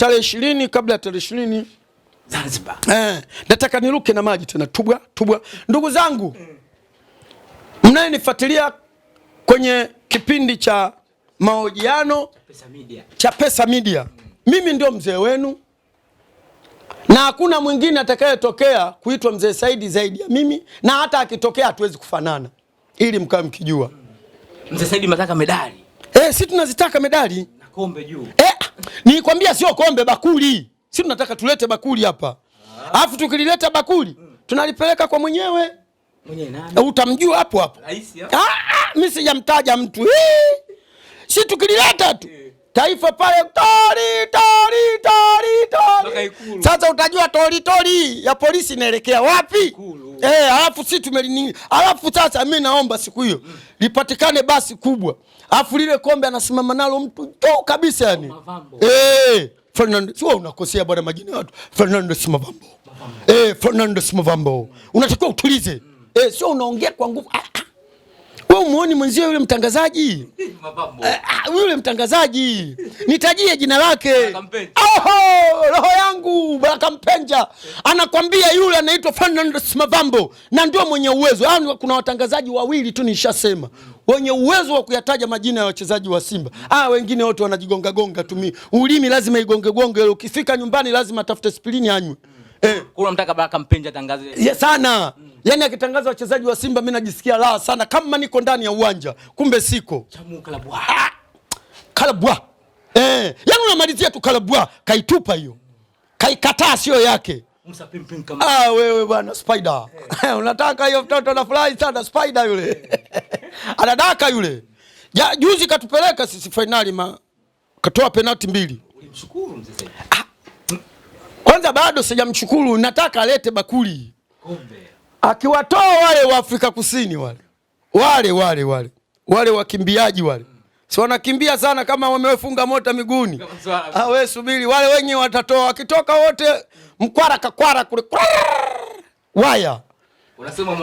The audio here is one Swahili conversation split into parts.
tarehe ishirini kabla ya tarehe ishirini Zanzibar. Eh, nataka niruke na maji tena tubwa tubwa. Ndugu zangu mnayenifuatilia kwenye kipindi cha mahojiano Pesa Media. cha Pesa Media mm. Mimi ndio mzee wenu na hakuna mwingine atakayetokea kuitwa mzee Saidi zaidi ya mimi, na hata akitokea hatuwezi kufanana, ili mkawe mkijua Mzee Saidi mnataka medali eh, si tunazitaka medali na kombe juu eh, Nikwambia sio kombe, bakuli. Si tunataka tulete bakuli hapa, alafu tukilileta bakuli tunalipeleka kwa mwenyewe mwenyewe, nani eh, utamjua hapo hapo. Ah, ah, mimi sijamtaja mtu, si tukilileta tu eh taifa pale tori, tori, tori, tori. Sasa utajua tori, tori ya polisi inaelekea wapi? Eh, alafu si tumelini, alafu sasa mimi naomba siku hiyo mm. lipatikane basi kubwa, alafu lile kombe anasimama nalo mtu to kabisa yani eh, Fernando sio unakosea bwana, majina watu Fernando Simavambo eh, Fernando Simavambo unatakiwa utulize mm. eh, sio unaongea kwa nguvu ah. ah. We umuoni mwenzio yule mtangazaji? Uh, yule mtangazaji nitajie jina lake. Oho, roho yangu Baraka Mpenja anakwambia yule anaitwa Fernandes Mavambo na ndio mwenye uwezo. Yaani kuna watangazaji wawili tu nishasema wenye uwezo wa kuyataja majina ya wachezaji wa Simba. Ah, wengine wote wanajigonga gonga tu. Ulimi lazima igonge gonge, ukifika nyumbani lazima tafute spilini anywe. Mm. Eh, kuna mtaka Baraka Mpenja tangaze. Yes, sana. Mm. Yaani akitangaza wachezaji wa Simba mimi najisikia raha sana kama niko ndani ya uwanja, kumbe siko. Chamu kalabwa. Ah, kalabwa. Eh, yani unamalizia tu kalabwa, kaitupa hiyo. Kaikataa sio yake. Musa pim pim kama. Ah, wewe bwana Spider. Hey. Eh. Unataka hiyo mtoto anafurahi sana Spider yule. Hey. Eh. Anadaka yule. Ja, juzi katupeleka sisi finali ma katoa penalti mbili. Ulimshukuru mzee Ah. Kwanza bado sijamshukuru, nataka alete bakuli. Kombe akiwatoa wale wa Afrika Kusini wale wale wale wale wale wakimbiaji wale, si wanakimbia sana kama wamefunga mota miguuni. Awe ah, subiri wale wenye watatoa, wakitoka wote mkwara kakwara kule waya, unasema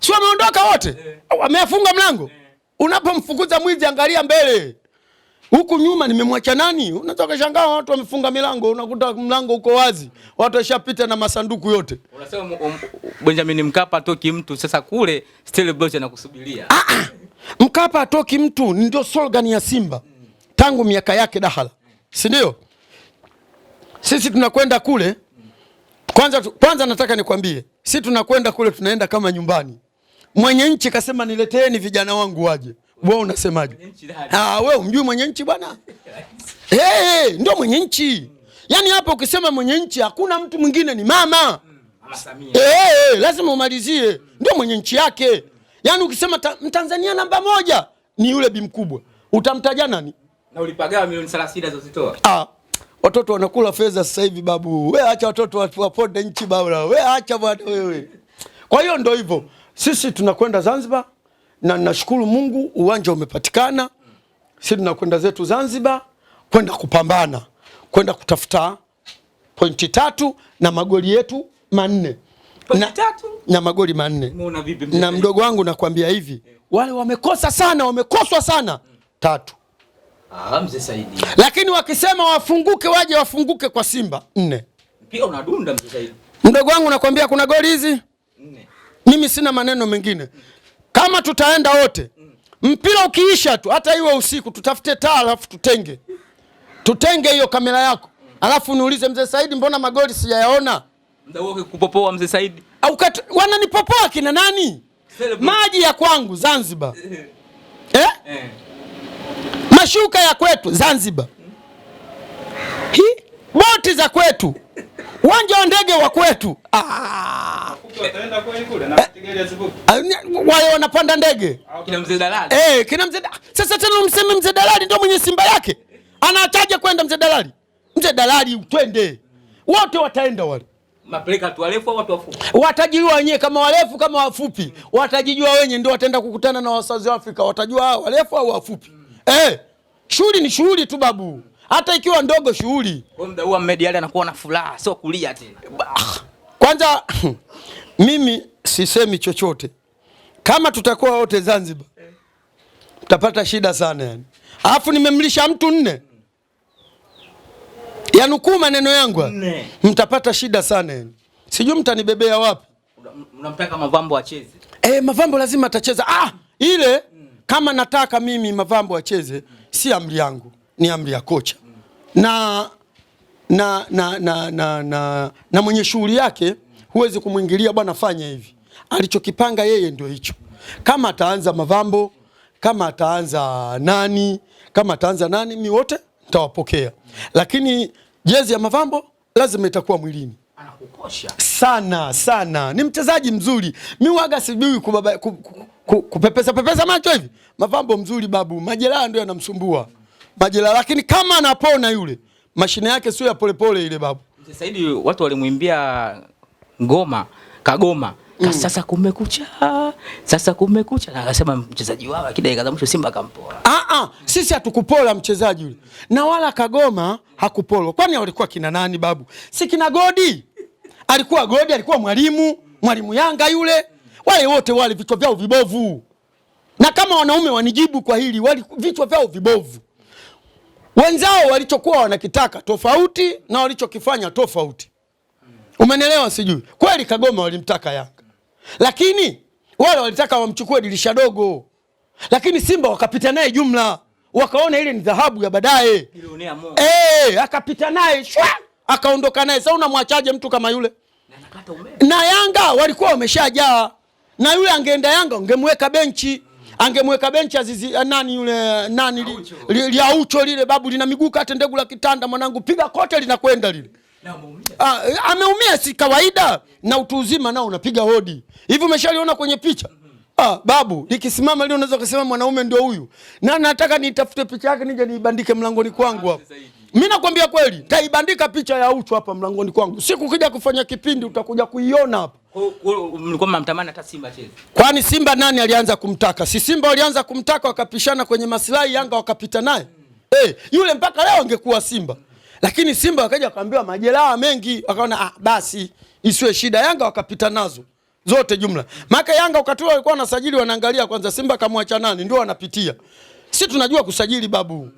si wameondoka wote, wamefunga mlango. Unapomfukuza mwizi, angalia mbele. Huku nyuma nimemwacha nani? Unatoka shangaa watu wamefunga milango, unakuta mlango uko wazi, watu washapita na masanduku yote. Unasema um, um, Benjamin Mkapa atoki mtu, sasa kule still boss anakusubiria. Ah, ah, Mkapa atoki mtu ndio slogan ya Simba tangu miaka yake dahala, si ndio? Sisi tunakwenda kule kwanza, kwanza nataka nikwambie, sisi tunakwenda kule tunaenda kama nyumbani. Mwenye nchi kasema nileteeni vijana wangu waje wewe unasemaje? Ah, wewe umjui mwenye nchi bwana? hey, ndio mwenye nchi. Yaani hapo ukisema mwenye nchi hakuna mtu mwingine, ni mama mm, hey, hey, lazima umalizie mm. Ndio mwenye nchi yake. Yaani ukisema Mtanzania namba moja ni yule bi mkubwa, utamtaja nani? Na ulipagawa milioni 30 alizozitoa. Ah, watoto wanakula fedha sasa hivi babu. Wewe acha watoto waponde nchi babu. Wewe acha bwana wewe. Kwa hiyo ndio hivyo, sisi tunakwenda Zanzibar na nashukuru Mungu uwanja umepatikana. Sisi tunakwenda zetu Zanzibar kwenda kupambana, kwenda kutafuta pointi tatu na magoli yetu manne na, na magoli manne na mdogo wangu nakwambia hivi wale wamekosa sana, wamekoswa sana tatu. Ah, mzee Saidi. Lakini wakisema wafunguke waje wafunguke kwa Simba nne. Pia unadunda mzee Saidi. Mdogo wangu nakwambia kuna goli hizi nne. Mimi sina maneno mengine kama tutaenda wote, mpira ukiisha tu, hata iwe usiku, tutafute taa alafu tutenge tutenge hiyo kamera yako, alafu niulize mzee Saidi, mbona magoli sijayaona? Kupopoa mzee Saidi au wananipopoa kina nani? maji ya kwangu Zanzibar eh? Eh. mashuka ya kwetu Zanzibar, hi boti za kwetu uwanja wa ndege wa kwetu ah. eh. wale wanapanda ndege kina mzee. Eh, sasa tena umseme mzee dalali ndio mwenye simba yake, anataja kwenda mzee dalali, mzee dalali, twende wote, wataenda wale watajijua wenyewe kama warefu kama wafupi, watajijua wenyewe, ndio wataenda kukutana na wasazi wa Afrika, watajua warefu au wafupi. Eh, shughuli ni shughuli tu babu hata ikiwa ndogo shughuli. Kwa anakuwa na furaha, sio kulia tena. Kwanza mimi sisemi chochote, kama tutakuwa wote Zanzibar mtapata shida sana yani. Alafu nimemlisha mtu nne, yanukuu maneno yangu, mtapata shida sana yani. Sijui mtanibebea wapi. Unamtaka Mavambo acheze? Eh, Mavambo lazima atacheza. Ah, ile kama nataka mimi Mavambo acheze, si amri yangu ni amri ya kocha na, na, na, na, na, na, na mwenye shughuli yake huwezi kumwingilia bwana, fanya hivi. Alichokipanga yeye ndio hicho. Kama ataanza Mavambo, kama ataanza nani, kama ataanza nani, mi wote nitawapokea, lakini jezi ya Mavambo lazima itakuwa mwilini sana sana. Ni mchezaji mzuri, mi waga sijui kupepesa pepesa macho hivi. Mavambo mzuri babu, majeraha ndio yanamsumbua Majela, lakini kama anapona yule, mashine yake sio ya polepole ile babu. Sasa hivi watu walimwimbia ngoma kagoma mm. Sasa kumekucha, sasa kumekucha, na akasema mchezaji wao akida ikaza mwisho Simba kampoa. Ah ah, sisi hatukupola mchezaji yule na wala kagoma hakupolwa. Kwani walikuwa kina nani babu? Si kina Godi alikuwa Godi alikuwa mwalimu mwalimu Yanga yule, wale wote wale vichwa vyao vibovu, na kama wanaume wanijibu kwa hili, wale vichwa vyao vibovu wenzao walichokuwa wanakitaka tofauti na walichokifanya tofauti. Umenelewa? Sijui kweli. Kagoma walimtaka Yanga, lakini wale walitaka wamchukue dirisha dogo, lakini Simba wakapita naye jumla, wakaona ile ni dhahabu ya baadaye. E, akapita naye shwa, akaondoka naye. Sasa unamwachaje mtu kama yule? Na Yanga walikuwa wameshajaa, na yule angeenda Yanga ungemweka benchi angemweka benchi Azizi eh, nani yule eh, nani li, li, li, ucho lile babu lina miguu kate ndegu la kitanda mwanangu, piga kote linakwenda lile. Ah, eh, ameumia si kawaida, na utu uzima nao unapiga hodi hivi, umeshaliona kwenye picha mhm. Ah, babu likisimama lile unaweza kusema mwanaume ndio huyu. Na nataka nitafute picha yake nije niibandike mlangoni kwangu hapo Mimi nakwambia kweli, taibandika picha ya uchu hapa mlangoni kwangu. Siku kija kufanya kipindi utakuja kuiona hapa. Kwani Simba nani alianza kumtaka? Si Simba walianza kumtaka wakapishana kwenye maslahi, Yanga wakapita naye. Mm. Hey, eh, yule mpaka leo angekuwa Simba. Mm. Lakini Simba wakaja wakaambiwa majeraha mengi, wakaona ah, basi isiwe shida, Yanga wakapita nazo zote jumla. Maka Yanga ukatoa walikuwa wanasajili wanaangalia kwanza Simba kamwacha nani ndio wanapitia. Sisi tunajua kusajili babu.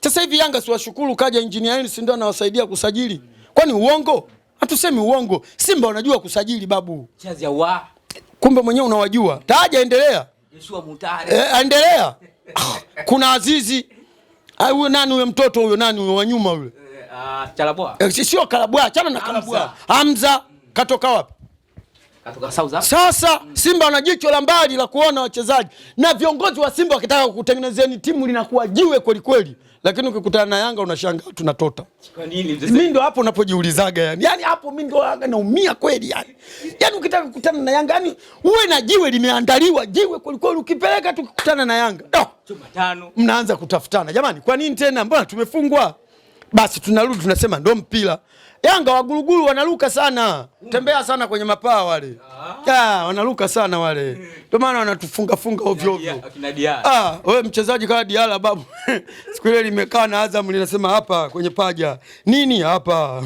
Sasa hivi Yanga siwashukuru kaja engineer, si ndio anawasaidia kusajili. Kwani uongo? hatusemi uongo. Simba wanajua kusajili babu, kumbe mwenyewe unawajua. Taja, endelea e, endelea ah, kuna Azizi ah, huyo nani huyo mtoto huyo nani huyo wanyuma nyuma huyo eh, ah, eh, sio Karabwa, achana na Karabwa. Hamza katoka wapi? Sasa mm. Simba wana jicho la mbali la kuona wachezaji na viongozi wa Simba wakitaka kutengenezeni timu linakuwa jiwe kweli kweli lakini ukikutana na Yanga unashangaa tunatota. Kwa nini? Mimi ndo hapo unapojiulizaga yani. Yaani hapo mimi ndo Yanga naumia kweli yani. Yaani ukitaka kukutana na Yanga yani uwe na jiwe limeandaliwa, jiwe kweli kweli ukipeleka tukikutana na Yanga. No. Ah! Chuma tano. Mnaanza kutafutana. Jamani, kwa nini tena? Mbona tumefungwa? Basi tunarudi tunasema ndo mpira. Yanga waguruguru wanaruka sana, mm. tembea sana kwenye mapaa wale. Ah, wanaruka sana wale, ndio maana wanatufunga funga ovyo ovyo. Ah, wewe mchezaji kama Diala babu, siku ile limekaa na Azam linasema hapa kwenye paja nini hapa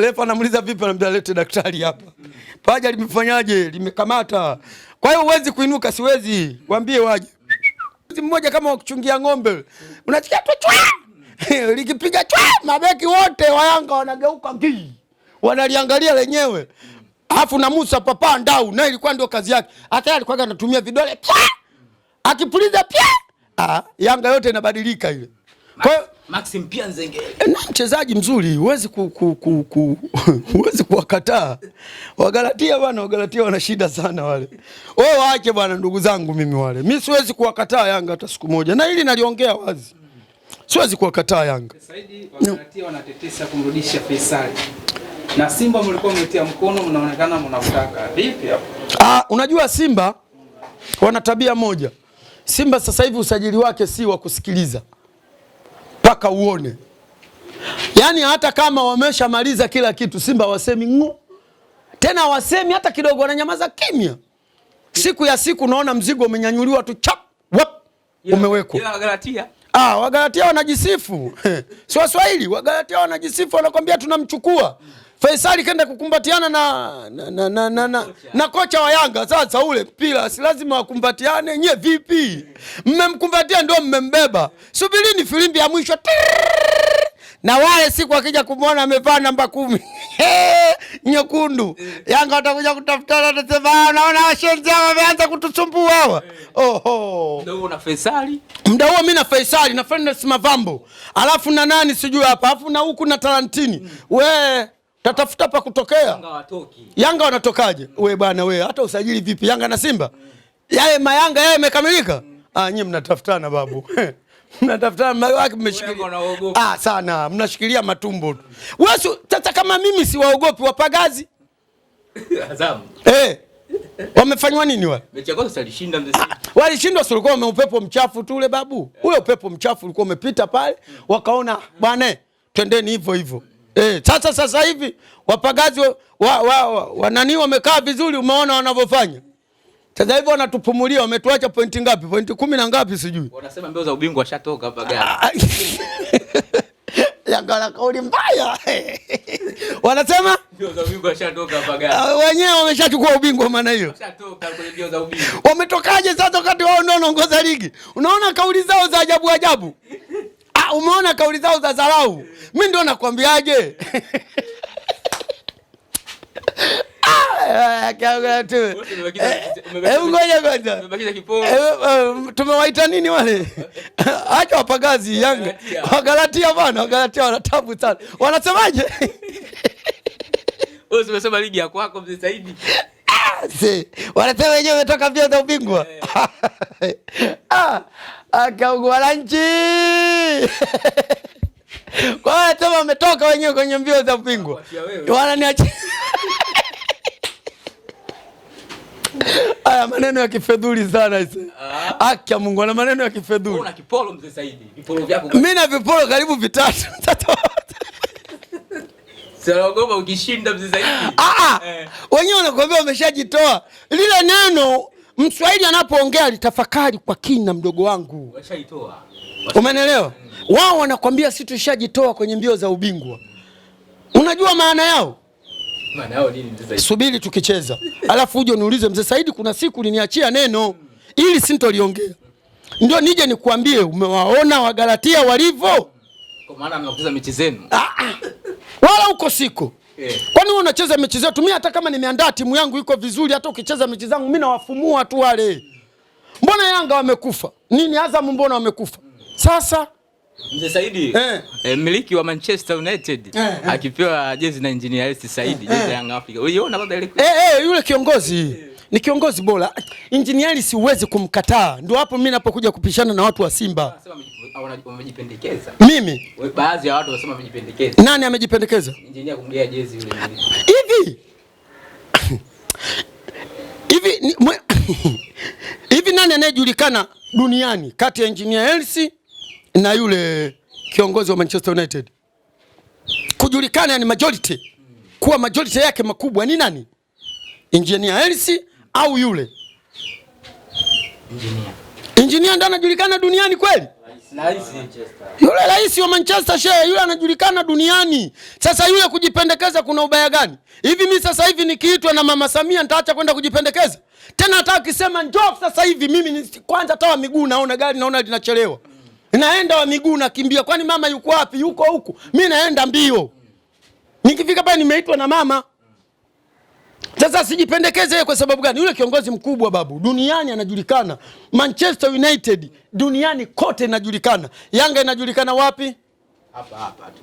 lefa, anamuuliza vipi, anamwambia lete daktari hapa paja limefanyaje, limekamata. Kwa hiyo uwezi kuinuka, siwezi waambie waje mmoja kama wakuchungia ng'ombe, unasikia tu likipiga chwa mabeki wote wa Yanga wanageuka ngii, wanaliangalia lenyewe. Alafu na Musa Papa Ndau na ilikuwa ndio kazi yake, hata yeye alikuwa anatumia vidole pia, akipuliza pia, ah, Yanga yote inabadilika ile. Kwa hiyo Maxim pia Nzengeli eh, na mchezaji mzuri, huwezi ku, ku, ku, ku, huwezi kuwakataa Wagalatia bwana, Wagalatia wana shida sana wale. Wewe waache bwana, ndugu zangu, mimi wale, mimi siwezi kuwakataa Yanga hata siku moja, na hili naliongea wazi siwezi kuwakataa Yanga. Saidi wanatia wanatetesa kumrudisha Faisali. Na Simba mlikuwa mmetia mkono mnaonekana Vipi hapo? Ah, unajua Simba wana tabia moja. Simba sasa hivi usajili wake si wa kusikiliza mpaka uone, yaani hata kama wameshamaliza kila kitu, Simba wasemi ng'u tena, wasemi hata kidogo, wananyamaza kimya. Siku ya siku naona mzigo umenyanyuliwa tu chap wap, umewekwa. Ila galatia Ah, Wagalatia wanajisifu. Si Waswahili, Wagalatia wanajisifu wanakwambia tunamchukua. Faisali kenda kukumbatiana na na, na, na, na, na, na kocha wa Yanga. Sasa ule mpira si lazima wakumbatiane nye vipi? Mmemkumbatia ndio mmembeba. Subirini filimbi ya mwisho na wale siku akija kumwona amevaa namba kumi nyekundu, eh. Yanga watakuja kutafutana, watasema ah, naona washenzi hawa wameanza kutusumbua hawa. Eh. Oho, muda huo na Faisali, muda huo mimi na Faisali na Fernandes Mavambo, alafu na nani sijui hapa, alafu na huku na Tarantini hmm. we tatafuta pa kutokea. Yanga watoki, Yanga wanatokaje? hmm. we bwana we, hata usajili vipi Yanga na Simba hmm. yale mayanga yale yamekamilika. hmm. Ah, nyinyi mnatafutana babu mnatafuta mayo wake mmeshikilia. Ah, sana mnashikilia matumbo tu. Wewe tata, kama mimi siwaogopi wapagazi. Azamu. Eh. Wamefanywa nini wale? Mechi yako mzee. Ah, walishindwa si ulikuwa umeupepo mchafu tu ule babu. Eh. Ule upepo mchafu ulikuwa umepita pale, wakaona bwana, eh, twendeni hivyo hivyo. Eh, sasa sasa hivi wapagazi wa, wa, wa, wa, wa nani wamekaa vizuri umeona wanavyofanya. Sasa hivi wanatupumulia, wametuacha pointi ngapi? Pointi kumi na ngapi? Sijui wanasema mbio za ubingwa shatoka hapa gani? Ah, ah. Yanga na kauli mbaya wanasema ah, wenyewe wameshachukua ubingwa. Maana hiyo wametokaje sasa, wakati wao ndio wanaongoza ligi? Unaona kauli zao za ajabu ajabu. Ah, umeona kauli zao za dharau. Mimi ndio nakwambiaje? tumewaita nini wale? Acha wapagazi Yanga, Wagalatia bana, Wagalatia wana tabu sana. Wanasemaje? ligi ya kwako ah, Wanasema wenyewe wametoka mbio za ubingwa. Eh. Ah, Akaugwalanchi kwa wanasema wametoka wenyewe kwenye mbio za ubingwa, Aya, maneno ya kifedhuli sana hizo. Ah. Aki ya Mungu ana maneno ya kifedhuli. Una kipolo mzee Saidi. Vipolo vyako. Mimi na vipolo karibu vitatu. Sinaogopa ukishinda mzee Saidi. Ah ah. Eh. Wenyewe wanakuambia wameshajitoa. Lile neno Mswahili anapoongea litafakari kwa kina, mdogo wangu. Washaitoa. Mm. Wao wanakwambia sisi tushajitoa kwenye mbio za ubingwa. Unajua maana yao? subiri tukicheza, alafu uje niulize mzee Saidi, kuna siku uliniachia neno ili sintoliongea, ndio nije nikuambie umewaona Wagalatia walivyo, kwa maana mnakucheza mechi zenu. Ah, ah. Wala uko siko yeah. Kwani wewe unacheza mechi zetu? Mimi hata kama nimeandaa timu yangu iko vizuri, hata ukicheza mechi zangu mimi nawafumua tu wale. Mbona Yanga wamekufa nini? Azamu mbona wamekufa sasa Mzee Saidi eh. Eh, miliki wa Manchester United eh, eh. Akipewa jezi na Engineer Hersi Saidi eh, jezi ya Young Africa. Uliona baba ile eh, eh, yule kiongozi eh. Ni kiongozi bora. Engineer si uwezi kumkataa. Ndio hapo mimi napokuja kupishana na watu wa Simba. Wamejipendekeza. Mimi baadhi ya watu wasema wamejipendekeza. Nani amejipendekeza? Engineer kumgea jezi yule. Hivi hivi ni hivi nani anayejulikana duniani kati ya Engineer Hersi na yule kiongozi wa Manchester United kujulikana ni majority kuwa majority yake makubwa ni nani? Engineer Hersi au yule engineer engineer ndo anajulikana duniani kweli? Yule rais wa Manchester shehe, yule anajulikana duniani. Sasa yule kujipendekeza, kuna ubaya gani? Hivi mimi sasa hivi nikiitwa na mama Samia nitaacha kwenda kujipendekeza tena? Hata akisema njoo sasa hivi mimi kwanza, tawa miguu naona, gari naona linachelewa naenda wa miguu nakimbia. Kwani mama yuko wapi? Yuko huku, mi naenda mbio, nikifika pale nimeitwa na mama. Sasa sijipendekeze kwa sababu gani? Yule kiongozi mkubwa babu duniani anajulikana, Manchester United duniani kote inajulikana, Yanga inajulikana wapi? Hapa hapa tu.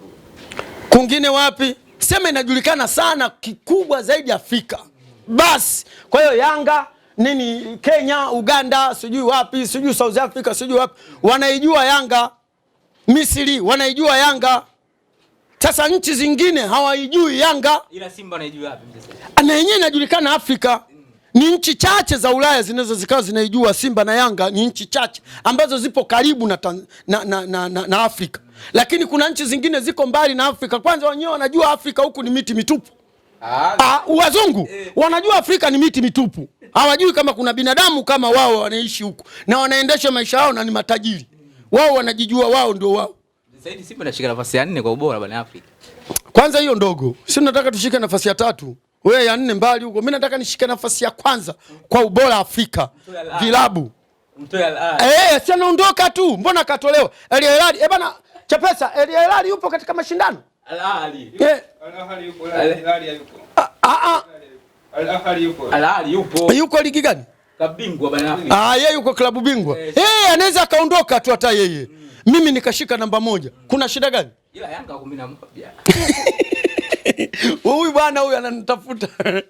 Kungine wapi? Sema inajulikana sana, kikubwa zaidi Afrika. Basi kwa hiyo Yanga nini Kenya, Uganda, sijui wapi, sijui South Africa, sijui wapi, wanaijua Yanga. Misri wanaijua Yanga. Sasa nchi zingine hawaijui Yanga, ila Simba anaijua wapi? Na yenyewe inajulikana Afrika. Ni nchi chache za Ulaya zinazo zikawa zinaijua Simba na Yanga, ni nchi chache ambazo zipo karibu na, na, na, na, na Afrika, lakini kuna nchi zingine ziko mbali na Afrika. Kwanza wenyewe wanajua Afrika huku ni miti mitupu. Ah, ah, wazungu eh. wanajua Afrika ni miti mitupu, hawajui kama kuna binadamu kama wao wanaishi huko na wanaendesha maisha yao na ni matajiri wao, wanajijua wao ndio wao. Zaidi Simba inashika nafasi ya nne kwa ubora barani Afrika. Kwanza hiyo ndogo, si nataka tushike nafasi ya tatu, wewe ya nne mbali huko, mimi nataka nishike nafasi ya kwanza kwa ubora Afrika vilabu. Eh, si anaondoka tu, mbona katolewa Eli Elali? Eh bana, Chapesa Eli Elali yupo katika mashindano yuko ligi gani? Mm. Ah, yeye yuko klabu bingwa, eh, anaweza akaondoka tu hata yeye, mm. mimi nikashika namba moja. Kuna shida gani? Huyu bwana huyu ananitafuta.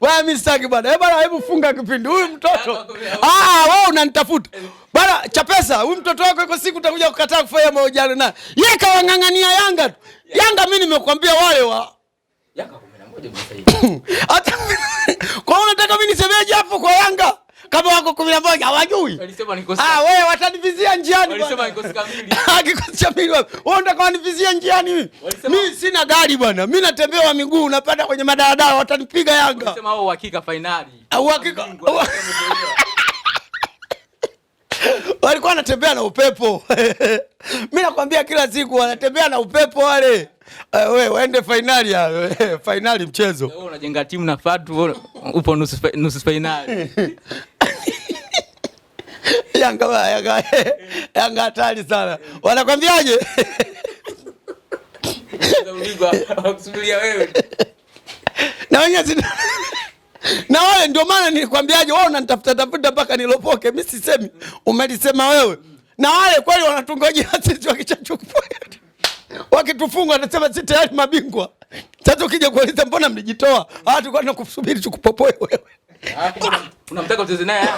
Wewe mimi sitaki bwana. Eh, bwana hebu funga kipindi. Huyu mtoto. Ah, ah, wewe unanitafuta. Bwana Chapesa, huyu mtoto wako yuko siku utakuja kukataa kufanya mahojiano na. Yeye kawang'ang'ania Yanga tu. Yanga mimi nimekwambia wale wa Yanga 11 msaidia. Hata kwa unataka mimi nisemeje hapo kwa Yanga? kama wako kumi na moja hawajui. Ah, wewe watanivizia njiani, ah, kikosi cha pili ntakanivizia njiani. Mi sina gari bwana, mi natembea wa miguu, napanda kwenye madaladala, watanipiga Yanga ah, walikuwa wanatembea na upepo mi nakwambia, kila siku wanatembea na upepo wale. Uh, eh, we waende fainali eh, fainali, mchezo unajenga timu na fatu, upo nusu fainali Yanga Yanga eh, eh. Yanga hatari sana. Wanakwambiaje? na wenyewe na wale ndio maana nilikwambiaje, wao unanitafuta tafuta mpaka nilopoke. Mimi sisemi, umelisema wewe. Na wale kweli wanatungojea sisi wakichachukua. Wakitufunga wanasema si tayari mabingwa. Sasa ukija kuuliza, mbona mlijitoa? Ah, tulikuwa tunakusubiri tukupopoe wewe. Unamtaka ucheze naye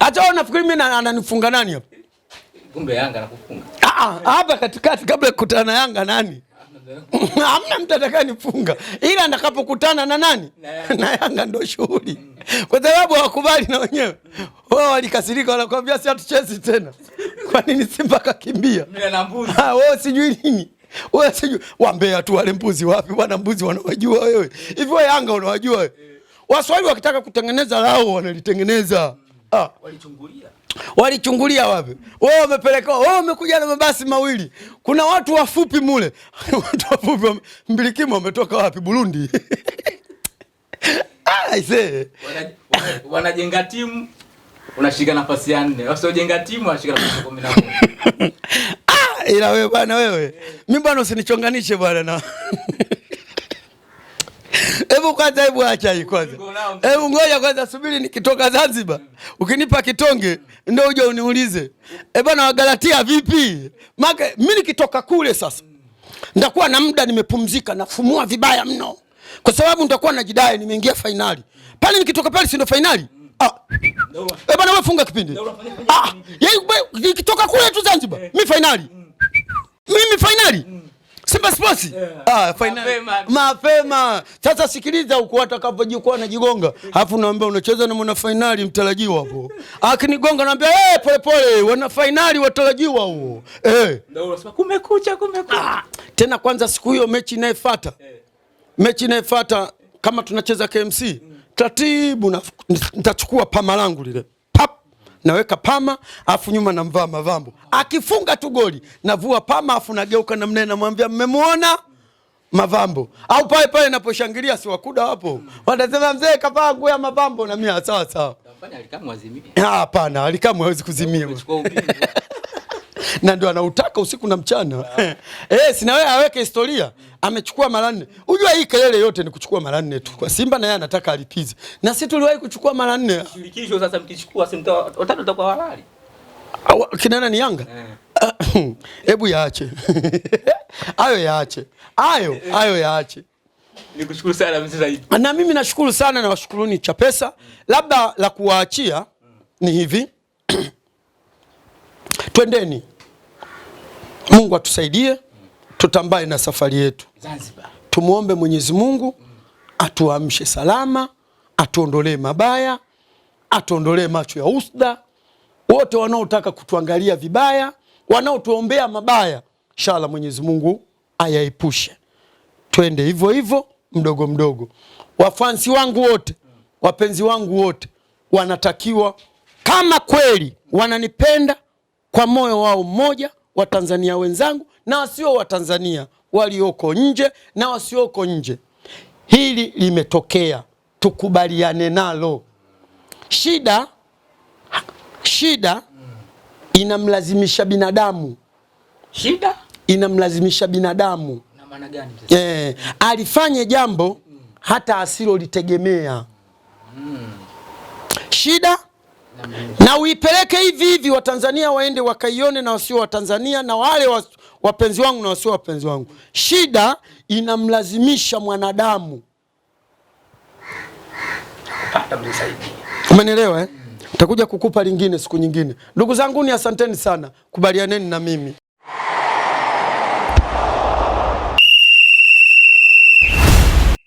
Acha wewe unafikiri mimi ananifunga nani hapa? Kumbe Yanga anakufunga. Ah, ah, hapa katikati kabla ya kukutana na Yanga nani? Hamna mtu atakayenifunga ila atakapokutana na nani na Yanga ndo shughuli, kwa sababu hawakubali na wenyewe wao. Walikasirika, wanakwambia si hatuchezi tena. Kwa nini Simba kakimbia? Mimi na mbuzi. Ah, wao sijui nini wewe siju wambea tu wale mbuzi wapi bwana, mbuzi wanawajua wewe. Hivi wewe Yanga unawajua wewe. Waswahili wakitaka kutengeneza lao wanalitengeneza. Ah, walichungulia. Walichungulia wapi? Wewe umepelekwa, wewe umekuja na mabasi mawili. Kuna watu wafupi mule. Watu wafupi mbilikimo wametoka wapi? Burundi. Ah, ise. Wanajenga timu. Unashika nafasi ya 4. Wasiojenga timu wanashika nafasi ya 11. Ila wewe bwana wewe. Mimi bwana usinichonganishe bwana na. Hebu kwanza hebu acha hii kwanza. Hebu ngoja kwanza subiri nikitoka Zanzibar. Ukinipa kitonge ndio uje uniulize. Eh, bwana Wagalatia vipi? Maka mimi nikitoka kule sasa. Ndakuwa na muda nimepumzika nafumua vibaya mno. Kwa sababu nitakuwa najidai nimeingia fainali. Pale nikitoka pale si ndo fainali? Ah. Eh, bwana wewe funga kipindi. Ah, yeye yaani, nikitoka kule tu Zanzibar. Mimi eh. fainali mimi fainali mm. Simba Sports yeah. Ah, fainali mapema sasa. Sikiliza huko atakapojikwaa na jigonga, alafu naambia unacheza na mwana fainali mtarajiwa hapo. Ah, akinigonga naambia eh, pole pole, wana fainali watarajiwa huo eh. unasema kumekucha, kumekucha. Ah, tena kwanza siku hiyo mechi inayofuata eh. Mechi inayofuata kama tunacheza KMC mm. Taratibu nitachukua pama langu lile naweka pama afu nyuma namvaa Mavambo, akifunga tu goli navua pama afu nageuka namnaye namwambia mmemwona Mavambo au pale pale naposhangilia, si wakuda wapo wanasema mzee kavaa nguo ya Mavambo na mimi ah, sawa sawa. Ah, hapana, Alikamwe hawezi kuzimia na ndio anautaka usiku na mchana yeah. Eh, sina wewe aweke historia amechukua mara nne. Unajua hii kelele yote ni kuchukua mara nne tu kwa Simba, na yeye anataka alipize, na sisi tuliwahi kuchukua mara nne. Shirikisho sasa mkichukua simta watatu tutakuwa halali kinana ni Yanga eh. hebu yaache ayo yaache ayo ayo yaache. Nikushukuru sana mchezaji, na mimi nashukuru sana na washukuruni Chapesa. Mm. Labda la kuwaachia mm, ni hivi twendeni Mungu atusaidie, tutambae na safari yetu Zanzibar. Tumwombe Mwenyezi Mungu atuamshe salama, atuondolee mabaya, atuondolee macho ya usda, wote wanaotaka kutuangalia vibaya, wanaotuombea mabaya, inshallah Mwenyezi Mungu ayaepushe. Twende hivyo hivyo mdogo mdogo. Wafansi wangu wote, wapenzi wangu wote, wanatakiwa kama kweli wananipenda kwa moyo wao mmoja Watanzania wenzangu na wasio Watanzania walioko nje na wasioko nje, hili limetokea, tukubaliane nalo. Shida shida inamlazimisha binadamu, shida inamlazimisha binadamu na maana gani? E, alifanye jambo hata asilolitegemea. Mm. Shida na uipeleke hivi hivi Watanzania waende wakaione, na wasio Watanzania na wale wapenzi wangu na wasio wapenzi wangu. Shida inamlazimisha mwanadamu, umenielewa eh? Takuja kukupa lingine siku nyingine. Ndugu zangu, ni asanteni sana, kubalianeni na mimi.